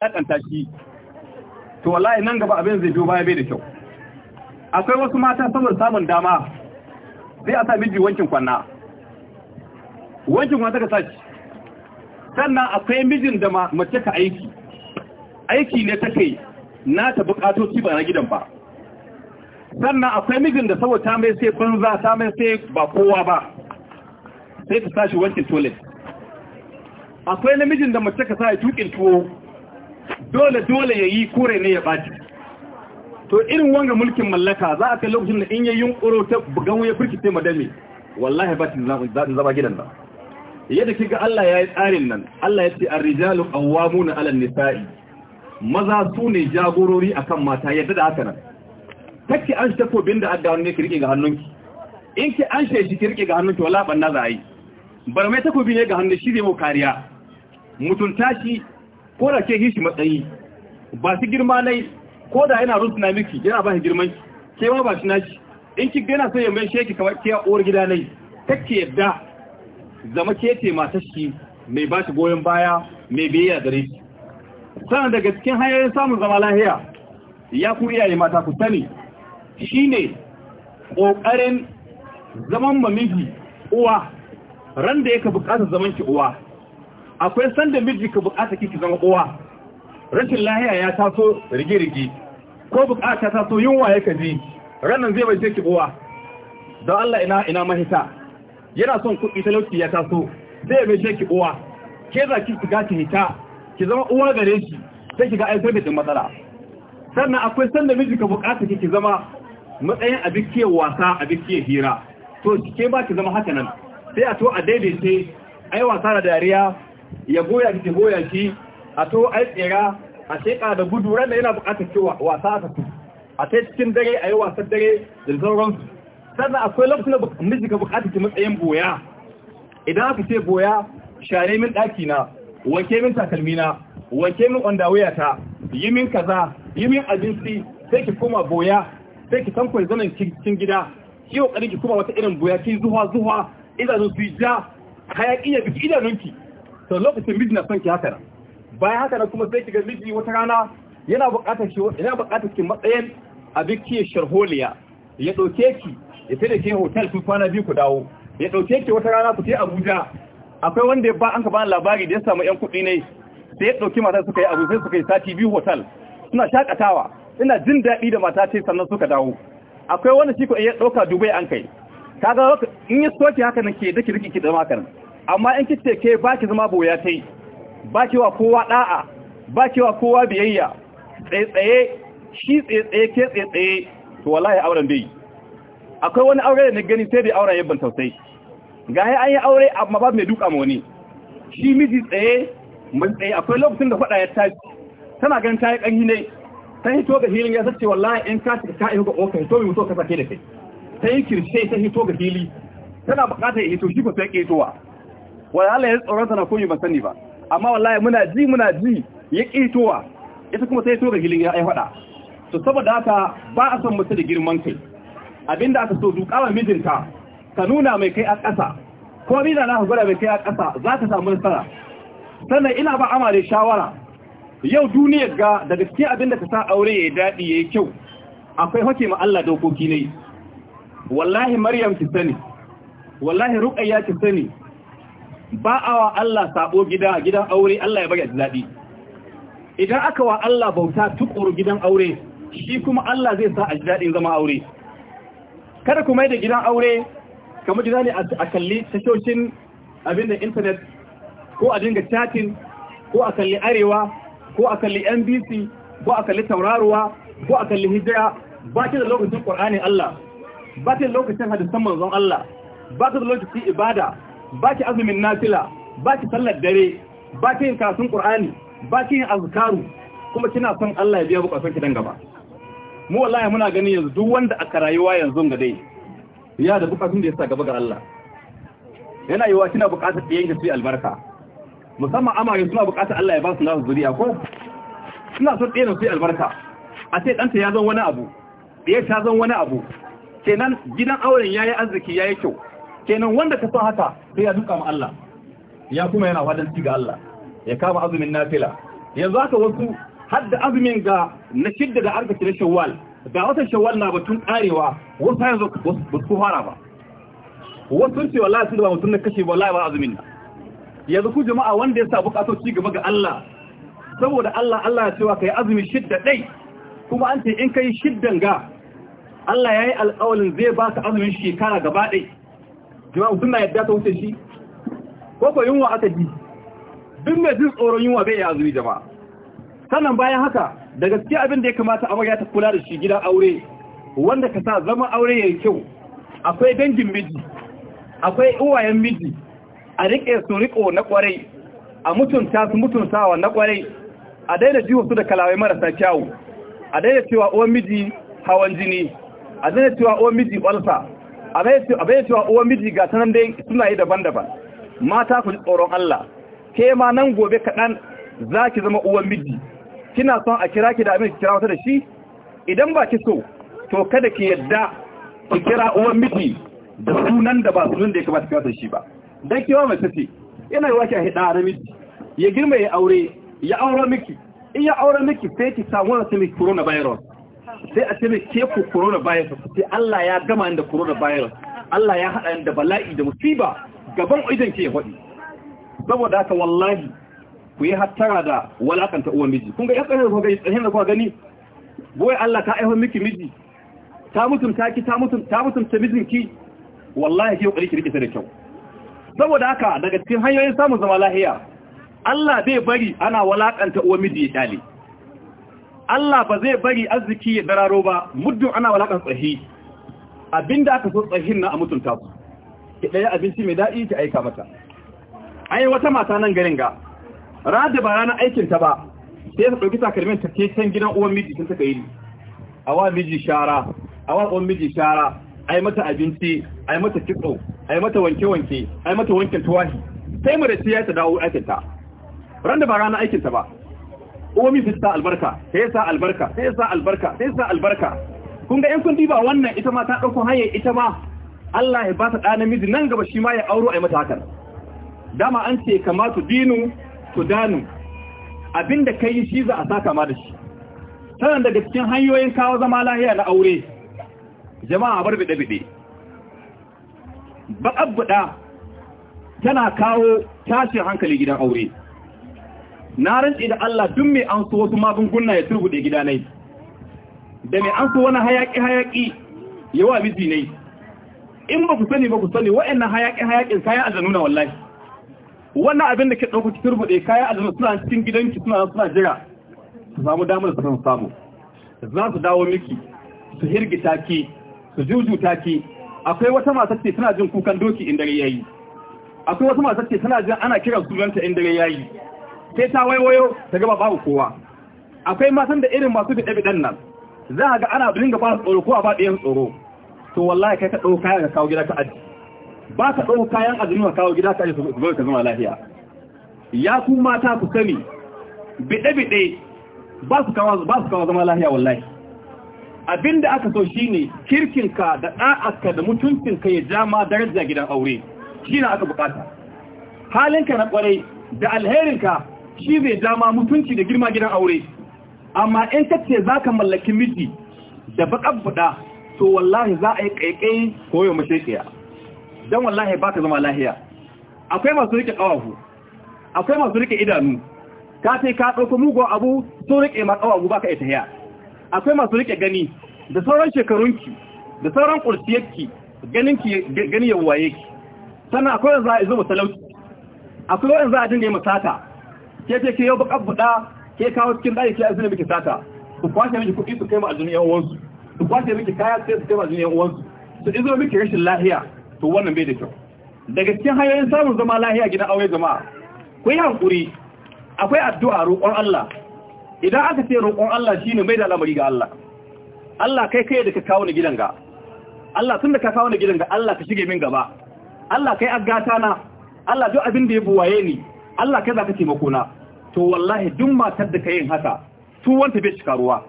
ƙaƙanta shi to wallahi nan gaba abin zai biyo baya bai da kyau akwai wasu mata saboda samun dama sai a sa miji wankin kwanna wankin kwanna daga sashi sannan akwai mijin da mace ka aiki aiki ne ta kai na ta ci ba na gidan ba sannan akwai mijin da saboda ta mai sai banza ta mai sai ba kowa ba sai ta sashi wankin toilet akwai namijin da mace ka sa ya tukin tuwo dole dole ya yi kure ne ya baci to irin wanga mulkin mallaka za a kai lokacin da in yi yunkuro ta bugan ya firkice madami wallahi ba shi zama gidan ba yadda kika Allah ya yi tsarin nan Allah ya ce ar-rijalu qawwamuna 'ala an-nisa'i maza su ne jagorori akan mata yadda da haka nan take an shi takobin da adda wannan ki ga hannunki in ki an shi ki ga hannunki wala banna za a yi bar mai takobi ne ga hannun shi zai mu kariya mutunta shi ko da ke hishi matsayi ba shi girma yi ko da yana rusuna miki yana ba shi girman ki ke ma ba shi naci in ki gina sai ya mai sheki kamar ke uwar gida na Ta ke yadda zama ke ce mata shi mai ba shi goyon baya mai biyayya gare shi sannan daga cikin hanyoyin samun zama lahiya ya ku iyaye mata ku sani ne ƙoƙarin zaman mamiji uwa ran da yake buƙatar zaman ki uwa akwai sanda miji ka bukata kiki zama uwa rashin lahiya ya taso rige-rige ko bukata ta so yunwa ya kaji ranar zai bai ce ki uwa don Allah ina ina mahita yana son kuɗi talauci ya taso zai bai ce ki uwa ke za ki shiga ki hita ki zama uwa gare shi sai ki ga aiwatar da matsala sannan akwai sanda miji ka bukata ki zama matsayin abikiyar wasa abikiyar hira to ke ba ki zama haka nan sai a to a daidaita ai wasa da dariya ya goya ki goya ki a to ai tsira a sheka da gudu ran yana buƙatar cewa wasa aka tu a sai cikin dare a yi wasan dare da su sannan akwai lokacin da miji ka bukatar ki matsayin boya idan aka ce boya share min daki na wanke min takalmi na wanke min underwear ta yi min kaza yi min abinci sai ki koma boya sai ki tankwai zanen cikin gida ki kokari ki kuma wata irin boya ki zuwa zuwa idanun su ja hayaki ya bi idanunki to lokacin miji na son ki haka nan bayan haka nan kuma sai kiga miji wata rana yana buƙatar shi yana buƙatar ki matsayin abin ki sharholiya ya dauke ki ya tada ki hotel ku kwana biyu ku dawo ya dauke ki wata rana ku je Abuja akwai wanda ya ba an ka ba labari da ya samu yan kuɗi ne sai ya dauki matar suka yi abu sai suka yi sati biyu hotel suna shakatawa ina jin daɗi da mata ce sannan suka dawo akwai wanda shi ko ya dauka Dubai an kai kaga in ya soke haka nan ke dake riki ki da makarin amma in kitse ke baki zama boya tai baki wa kowa da'a baki wa kowa biyayya tsaye-tsaye shi tsaye-tsaye ke tsaye-tsaye to wallahi auren bai akwai wani aure da na gani sai dai auren yabban tausayi ga hai an yi aure amma ba mai duka mawani shi miji tsaye mun tsaye akwai lokacin da faɗa ya tafi. tana ganin ta yi ƙanyi ne ta hito ga hilin ya sace wallahi in ka ta ta ga ofa hito mai mutuwa ka sake da kai ta yi kirshe ta hito ga hili tana bukatar ya hito shi ko sai ƙetowa wala Allah ya tsoronta na koyi ba sani ba amma wallahi muna ji muna ji ya kitowa ita kuma sai to ga hilin ya faɗa to saboda haka ba a son mutu da girman kai abinda aka so wa mijinta ka nuna mai kai a ƙasa ko mina na hukura mai kai a ƙasa za ka samu nasara sannan ina ba amare shawara yau duniya ga da gaske abinda ka sa aure ya daɗi ya yi kyau akwai hake ma Allah dokoki ne wallahi maryam ki sani wallahi ruqayya ki sani ba a wa Allah sabo gida gidan aure Allah ya bari a daɗi idan aka wa Allah bauta tukuru gidan aure shi kuma Allah zai sa a ji daɗin zama aure kada kuma da gidan aure kamar gida ne a kalli tashoshin abin da intanet ko a dinga chatin ko a kalli arewa ko a kalli NBC ko a kalli tauraruwa ko a kalli hijira ba ki da lokacin Qur'ani Allah ba ki da lokacin hadisan manzon Allah ba ki da lokacin ibada ba ki azumin nafila ba ki sallar dare ba ki yin kasun ƙur'ani, ba ki yin azkaru kuma kina son Allah ya biya bukatun ki dan gaba mu wallahi muna ganin yanzu duk wanda aka rayuwa yanzu ga dai ya da bukatun da ya sa gaba ga Allah yana yiwa kina bukatar ɗiyan ki albarka musamman yanzu suna bukatar Allah ya ba su nasu zuriya ko suna son ɗayan su albarka a ce ɗanta ya zan wani abu Ya ta zan wani abu kenan gidan auren yayi arziki yayi kyau kenan wanda ka san haka sai ya duka ma Allah ya kuma yana fadan ci ga Allah ya kama azumin nafila yanzu aka wasu hadda azumin ga na shidda da arka shawwal ga watan shawwal na batun karewa wasu yanzu ba su fara ba wasu sun ce wallahi sun da ba mutum na kashe wallahi ba azumin na yanzu ku jama'a wanda ya sa bukatoci gaba ga Allah saboda Allah Allah ya cewa kai azumi shidda dai kuma an ce in kai shiddan ga Allah ya yi alƙawalin zai ba ka azumin shekara gaba ɗaya jama'u suna yadda ta wuce shi ko ko yunwa aka ji duk mai jin tsoron yunwa bai yi azumi jama'a sannan bayan haka da gaske abin da ya kamata a amarya ta kula da shi gidan aure wanda ka sa zama aure yi kyau akwai dangin miji akwai uwayen miji a riƙe su riƙo na ƙwarai a mutunta su mutuntawa na ƙwarai a daina jiwo su da kalawai marasa kyawu a daina cewa uwan miji hawan jini a daina cewa uwan miji ƙwalfa abin cewa uwan miji ga sanan da suna yi daban-daban mata ku ji tsoron Allah ke ma nan gobe kaɗan za ki zama uwan miji kina son a kira ki da abin kira wata da shi idan ba ki so to kada ki yadda ki kira uwan miji da sunan da ba sunan da ya kamata kira shi ba dan kiwa mai sassi yana yi wake a hida miji ya girma ya aure ya aure miki in ya aure miki sai ki samu wani semi coronavirus sai a ce mai ke ku coronavirus sai Allah ya gama da virus Allah ya haɗa da bala'i da musiba gaban idan ke faɗi saboda haka wallahi ku yi hattara da walakanta uwa miji kun ga ya tsaye ga tsaye da kuma gani boye Allah ta aiho miki miji ta mutunta ki ta mutunta ta mutunta ki. wallahi ki kokari ki rike da kyau saboda haka daga cikin hanyoyin samun zama lahiya Allah bai bari ana walakanta uwa miji ya dale Allah ba zai bari arziki ya dararo ba muddin ana walakan tsahi abinda aka so tsahin na a mutunta su ki daya abinci mai daɗi ki aika mata ai wata mata nan garin ga rada ba ranar aikin ta ba sai ta dauki takalmin ta ce can gidan uwan miji tun ta a awa miji shara awa uwan miji shara ai mata abinci ai mata kitso ai mata wanke-wanke ai mata wankin tuwahi sai mu da ya ta dawo aikin ta randa ba ranar aikin ta ba omi su sa albarka sai sa albarka sai sa albarka sai sa albarka kun ga in kun diba wannan ita ma ta ɗauko hanyar ita ma Allah ya ba ta namiji nan gaba shi ma ya auro a mata matakar. dama an ce kama su dinu su danu abinda kai shi za a sa kama da shi sanan daga cikin hanyoyin kawo zama lahiya na aure jama'a bar biɗe-biɗe. bide baƙabbuɗa tana kawo tashin hankali gidan aure na rantsi da Allah duk mai an so wasu magungunan ya turbude gida nai da mai an so wani hayaƙi-hayaƙi hayaki yawa miji nai in ba ku sani ba ku sani wa'annan hayaki kaya kayan zanuna, wallahi wannan abin da ke dauko ki turbude kayan zanuna suna cikin gidanki suna suna jira su samu damar su samu za su dawo miki su hirgita ki su jujuta ki akwai wata masu ce tana jin kukan doki in dare yi. akwai wata masu ce tana jin ana kiran su sunanta in dare yi. sai ta waiwayo ta gaba babu kowa akwai matan da irin masu da ɗabiɗan nan za a ga ana dinga ba tsoro ko a ba ɗayan tsoro to wallahi kai ka ɗau kayan ka kawo gida ka aji ba ka ɗau kayan azumi ka kawo gida ka aji su ka zama lafiya ya ku mata ku sani biɗe-biɗe ba su kawo zama lafiya wallahi Abin da aka so shine kirkinka da ɗa'arka da mutuncinka ya ma daraja gidan aure shi na aka buƙata. halinka na kwarai da alherinka shi zai dama mutunci da girma gidan aure amma in ka ce za ka mallaki miji da baƙar buɗa to wallahi za a yi ƙaiƙai koyo mashekiya don wallahi ba ka zama lahiya akwai masu rike ƙawafu akwai masu rike idanu ka sai ka ɗauka mugun abu sun rike ma ƙawafu ba ka ita tahiya akwai masu rike gani da sauran shekarunki da sauran ƙursiyarki ganinki gani yawaye ki sannan akwai wanda za a zuba talauci akwai wanda za a dinga yi masata ke ce ke yau baka buɗa ke kawo cikin ɗari ke azumi miki sata su kwashe miki kuɗi su kai ma azumi yan uwansu su kwashe miki kaya sai su kai ma azumi yan uwansu su izo miki rashin lahiya to wannan bai da kyau daga cikin hanyoyin samun zama lahiya gidan aure jama'a ku yi hankuri akwai addu'a roƙon Allah idan aka ce roƙon Allah shine mai da lamari ga Allah Allah kai kai da ka kawo ni gidan ga Allah tun da ka kawo ni gidan ga Allah ka shige min gaba Allah kai aggata na Allah duk abin da ya buwaye ni Allah kai za ka taimako na to wallahi duk matar da ka yin haka wanta bai cika ruwa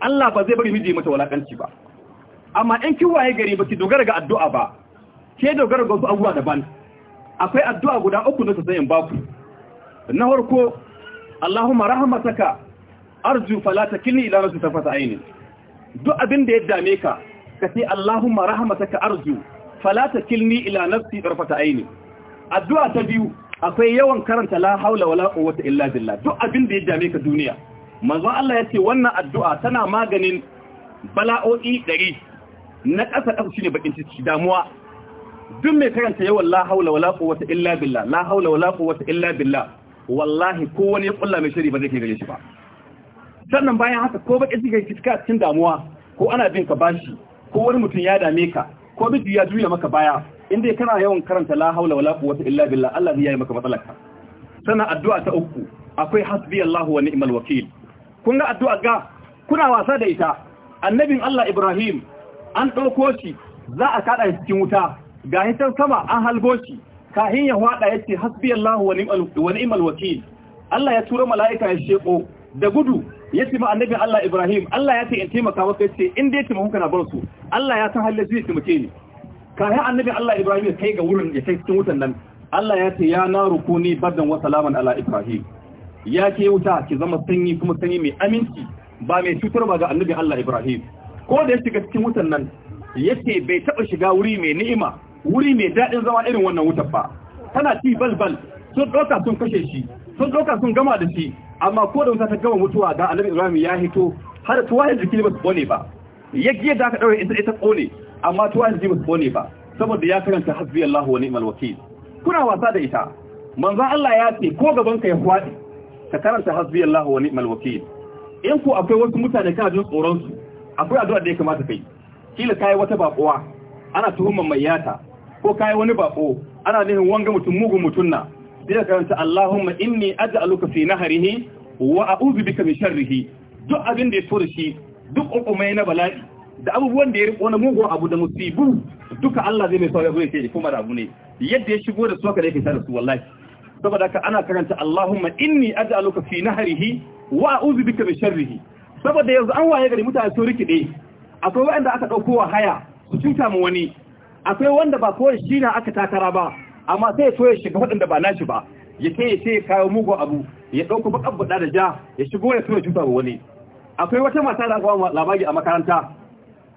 Allah ba zai bari miji mata walakanci ba amma in kin waye gari baki dogara ga addu'a ba ke dogara ga wasu abubuwa daban akwai addu'a guda uku da sai in baku na farko Allahumma rahmataka arju fala takilni ila rasul tafata aini duk abin da ya dame ka ka ce Allahumma rahmataka arju fala takilni ila nafsi tarfata aini addu'a ta biyu akwai yawan karanta la haula wala quwwata illa billah duk abin da ya dame ka duniya manzo Allah yace wannan addu'a tana maganin bala'o'i 100 na ƙasa kasa shine bakin ciki damuwa duk mai karanta yawan la haula wala quwwata illa billah la haula wala quwwata illa billah wallahi ko wani ya kulla mai shiri ba zai kai gare shi ba sannan bayan haka ko bakin ciki cikin damuwa ko ana bin ka bashi ko wani mutum ya dame ka ko biji ya juya maka baya inda kana yawan karanta la haula wala quwwata illa billah Allah ya yi maka matsalarka sannan addu'a ta uku akwai hasbi Allah wa ni'mal wakil kun ga addu'a ga kuna wasa da ita annabin Allah Ibrahim an dauko shi za a kada shi cikin wuta ga hitar sama an halgo shi kahin ya hwada yace hasbi Allah wa ni'mal Allah ya tura mala'ika ya sheko da gudu ya ce ma annabin Allah Ibrahim Allah ya ce in taimaka maka yace in dai taimaka kana bar su Allah ya san halin zai taimake ni Kayan annabi Allah Ibrahim ya kai ga wurin ya kai cikin wutan nan Allah ya ce ya naru ni badan wa salaman ala Ibrahim ya ke wuta ki zama sanyi kuma sanyi mai aminci ba mai cutar ba ga annabi Allah Ibrahim ko da ya shiga cikin wutan nan yace bai taba shiga wuri mai ni'ima wuri mai daɗin zama irin wannan wutar ba tana ci balbal sun ɗauka sun kashe shi sun ɗauka sun gama da shi amma ko da wuta ta gama mutuwa da annabi Ibrahim ya hito har tuwa jiki ba su bone ba yake da ka ɗaure ita ita kone amma tuwa ji ba ne ba saboda ya karanta hasbi Allahu wa ni'mal wakeel kuna wasa da ita manzo Allah ya ce ko gaban ka ya kwadi ka karanta hasbi Allahu wa ni'mal wakeel in ku akwai wasu mutane kana jin tsoron su akwai addu'a da ya kamata kai kila kai wata bakuwa ana tuhumar mai yata ko kai wani baƙo ana nihin wanga mutum mugun mutun na sai karanta Allahumma inni aj'aluka fi nahrihi wa a'udhu bika min sharrihi duk abin da ya tura shi duk ukumai na bala'i da abubuwan da ya riko na mugun abu da musibu duka Allah zai mai sauya gure sai kuma da abu ne yadda ya shigo da su da yake tare da su wallahi saboda haka ana karanta Allahumma inni aj'aluka fi nahrihi wa a'udhu bika min sharrihi saboda yanzu an waye gari mutane sun rikide akwai wanda aka dauko wa haya su cuta mu wani akwai wanda ba kowa shi na aka takara ba amma sai so ya shiga waɗanda ba nashi ba ya ke ya ce kawo mugu abu ya ɗauko bakan buɗa da ja ya shigo ya so ya cuta wani akwai wata mata da aka labari a makaranta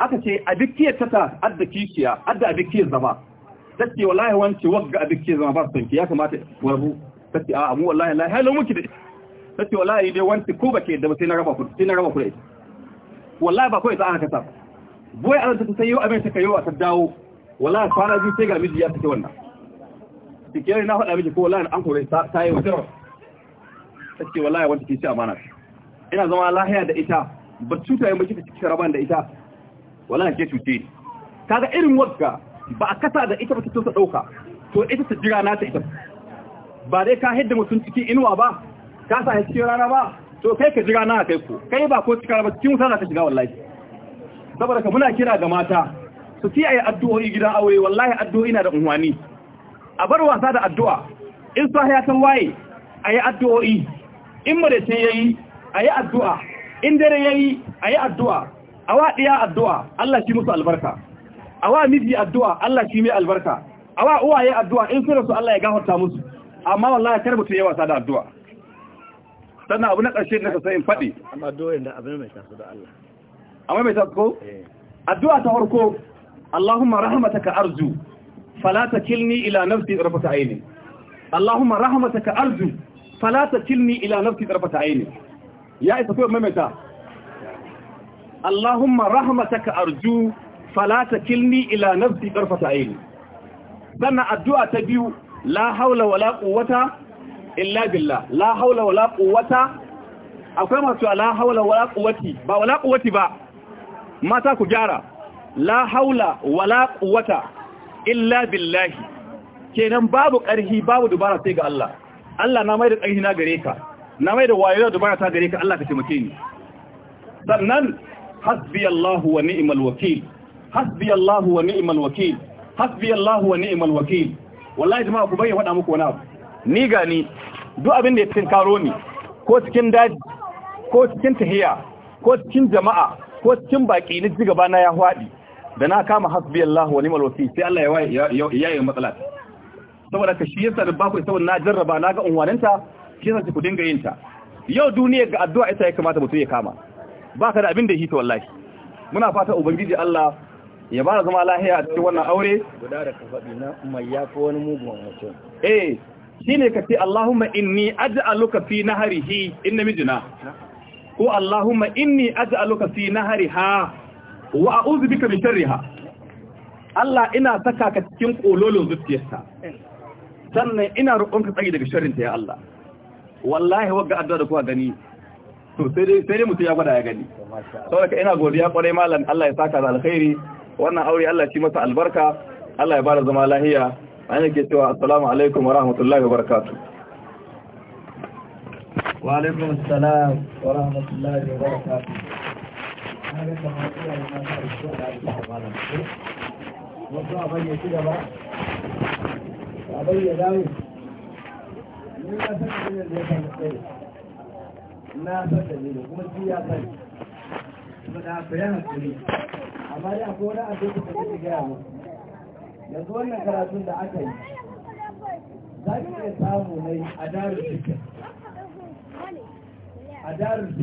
aka ce abikiyar ta ta adda kishiya adda abikiyar zama ta ce wallahi wance wagga abikiyar zama ba su ya kamata warbu ta ce a mu wallahi lahi halin muke da ta ce wallahi dai wanci ko ba ke da ba sai na raba ku sai na raba ku da ita wallahi ba kawai ta aka kasa boye an ta sai yau abin ta kayo a ta dawo wallahi fara biyu sai ga miji ya take wannan tikiyar na faɗa miki ko wallahi an kore ta yi wata ta ce wallahi wance ke ci amana ina zama lahiya da ita ba cuta yi miki ta cikin raban da ita wala ke cuce kaga irin wagga ba a kasa da ita ba ta tosa dauka to ita ta jira na ta ita ba dai ka hidda mutum cikin inuwa ba ka sa haske rana ba to kai ka jira na kai ko kai ba ko cikin ba cikin wuta ka shiga wallahi saboda ka muna kira ga mata su yi addu'o'i gidan aure wallahi addu'o'i na da unwani a bar wasa da addu'a in sa ya san waye ayi addu'o'i in madace yayi ayi addu'a in dare yayi ayi addu'a a wa addu'a Allah shi musu albarka a wa miji addu'a Allah shi mai albarka a wa uwaye addu'a in suna su Allah ya gafarta musu amma wallahi kar mutum ya wasa da addu'a sannan abu na ƙarshe na sai in faɗi amma doyin da abin mai tasu da Allah amma mai tasu ko eh. addu'a ta farko Allahumma rahmataka arzu fala kilni ila nafsi tarfata aini Allahumma rahmataka arzu fala kilni ila nafsi tarfata aini ya isa ko mai mai ta Allahumma rahmataka arju falata kilni ila nafsi tarfata aini sannan addu'a ta biyu la haula wala quwwata illa billah la haula wala quwwata akwai masu la haula wala quwwati ba wala quwwati ba mata ku gyara la haula wala quwwata illa billahi kenan babu ƙarhi babu dubara sai ga Allah Allah na mai da ƙarhi na gare ka na mai da wayo da dubara ta gare ka Allah ka taimake ni sannan hasbi Allah wa ni'mal wakil hasbi Allah wa ni'mal wakil hasbi Allah wa ni'mal wakil wallahi jama'a ku bayyana faɗa muku wani abu ni gani duk abin da ya cikin karo ni ko cikin daji ko cikin tahiya ko cikin jama'a ko cikin baki ni ji gaba na ya hwadi da na kama hasbi Allah wa ni'mal wakil sai Allah ya ya yi matsala saboda ka shi yasa da ba ku saboda na jarraba na ga unwananta shi yasa ku dinga yin ta yau duniya ga addu'a ita ya kamata mutum ya kama ba ka da abin da hita wallahi muna fata ubangiji Allah ya ba da zama lahiya a cikin wannan aure guda da ka faɗi na mai yafi wani mugun mutum eh ne ka ce Allahumma inni aj'aluka fi naharihi in namijina ko Allahumma inni aj'aluka fi nahariha wa a'udhu bika min sharriha Allah ina saka ka cikin kololon zuciyarsa sannan ina roƙonka tsari daga sharrinta ya Allah wallahi wagga addu'a da kuwa gani to sai dai mutum ya gwada ya gani saboda ina godiya kwarai malam Allah ya saka da alkhairi wannan aure Allah ya ci masa albarka Allah ya bada zama lahiya an yake cewa assalamu alaikum wa rahmatullahi wa barakatuh wa alaikum assalam wa rahmatullahi wa barakatuh wasu abin ya ci gaba abin ya dawo ni ya san da ya samu tsaye eh. na san da kuma shi ya sani kuma da aka yi hankali amma dai akwai wani abin da kake gaya mu yanzu wannan karatun da aka yi za ka iya samu mai a darin fikin a darin